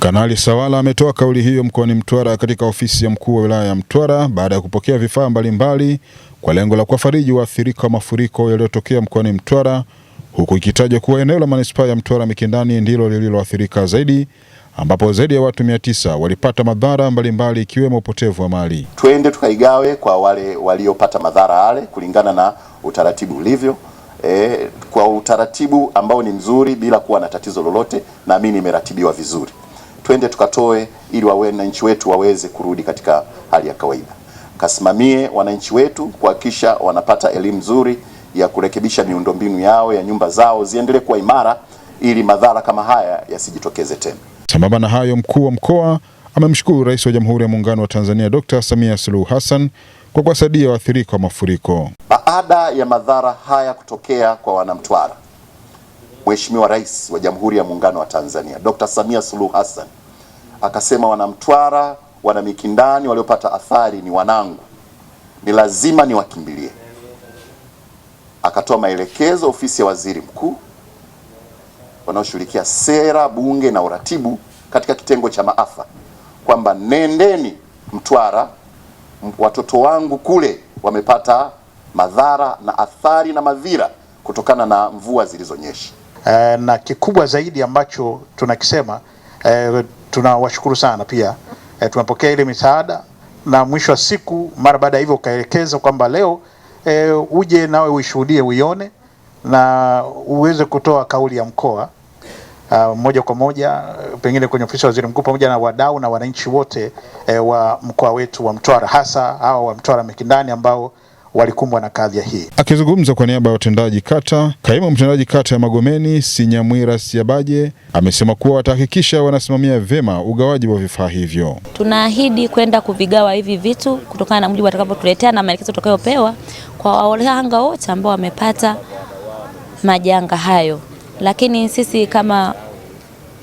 Kanali Sawala ametoa kauli hiyo mkoani Mtwara katika ofisi ya mkuu wa wilaya ya Mtwara baada ya kupokea vifaa mbalimbali kwa lengo la kuwafariji waathirika wa mafuriko yaliyotokea mkoani Mtwara, huku ikitajwa kuwa eneo la manispaa ya Mtwara Mikindani ndilo lililoathirika zaidi, ambapo zaidi ya watu mia tisa walipata madhara mbalimbali ikiwemo upotevu wa mali. Twende tukaigawe kwa wale waliopata madhara yale kulingana na utaratibu ulivyo. E, kwa utaratibu ambao ni mzuri bila kuwa na tatizo lolote, na mimi nimeratibiwa vizuri twende tukatoe ili wananchi wetu waweze kurudi katika hali ya kawaida. Kasimamie wananchi wetu kuhakikisha wanapata elimu nzuri ya kurekebisha miundombinu yao ya nyumba zao ziendelee kuwa imara ili madhara kama haya yasijitokeze tena. Sambamba na hayo, mkuu wa mkoa amemshukuru Rais wa Jamhuri ya Muungano wa Tanzania Dr. Samia Suluhu Hassan kwa kuwasaidia waathirika wa mafuriko baada ya madhara haya kutokea kwa Wanamtwara. Mheshimiwa Rais wa Jamhuri ya Muungano wa Tanzania Dr. Samia Suluhu Hassan akasema, Wanamtwara, wana Mikindani waliopata athari ni wanangu, ni lazima niwakimbilie. Akatoa maelekezo ofisi ya waziri mkuu wanaoshughulikia sera, bunge na uratibu katika kitengo cha maafa kwamba nendeni Mtwara, watoto wangu kule wamepata madhara na athari na madhira kutokana na mvua zilizonyesha. Eh, na kikubwa zaidi ambacho tunakisema eh, tunawashukuru sana pia eh, tumepokea ile misaada na mwisho wa siku mara baada ya hivyo ukaelekeza kwamba leo eh, uje nawe uishuhudie uione na uweze kutoa kauli ya mkoa Uh, moja kwa moja pengine kwenye ofisi ya waziri mkuu pamoja na wadau na wananchi wote eh, wa mkoa wetu wa Mtwara hasa hawa wa Mtwara Mikindani ambao walikumbwa na kadhia hii. Akizungumza kwa niaba ya watendaji kata, kaimu mtendaji kata ya Magomeni Sinyamwira Siabaje amesema kuwa watahakikisha wanasimamia vyema ugawaji wa vifaa hivyo. Tunaahidi kwenda kuvigawa hivi vitu kutokana na mjibu watakapotuletea na maelekezo tutakayopewa kwa wahanga wote ambao wamepata majanga hayo, lakini sisi kama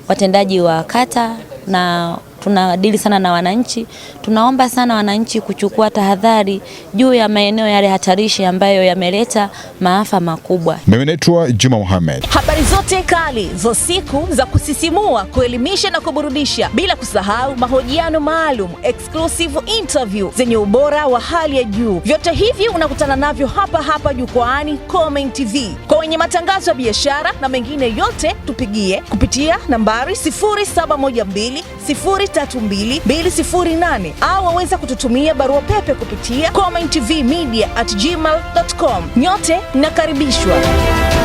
watendaji wa kata na tunadili sana na wananchi. Tunaomba sana wananchi kuchukua tahadhari juu ya maeneo yale hatarishi ambayo yameleta maafa makubwa. Mimi naitwa Juma Mohamed. Habari zote kali za siku za kusisimua, kuelimisha na kuburudisha, bila kusahau mahojiano maalum, exclusive interview zenye ubora wa hali ya juu, vyote hivi unakutana navyo hapa hapa jukwaani Khomein TV. Kwa wenye matangazo ya biashara na mengine yote, tupigie kupitia nambari 0712 632 au waweza kututumia barua pepe kupitia commenttvmedia media at gmail.com. Nyote nakaribishwa.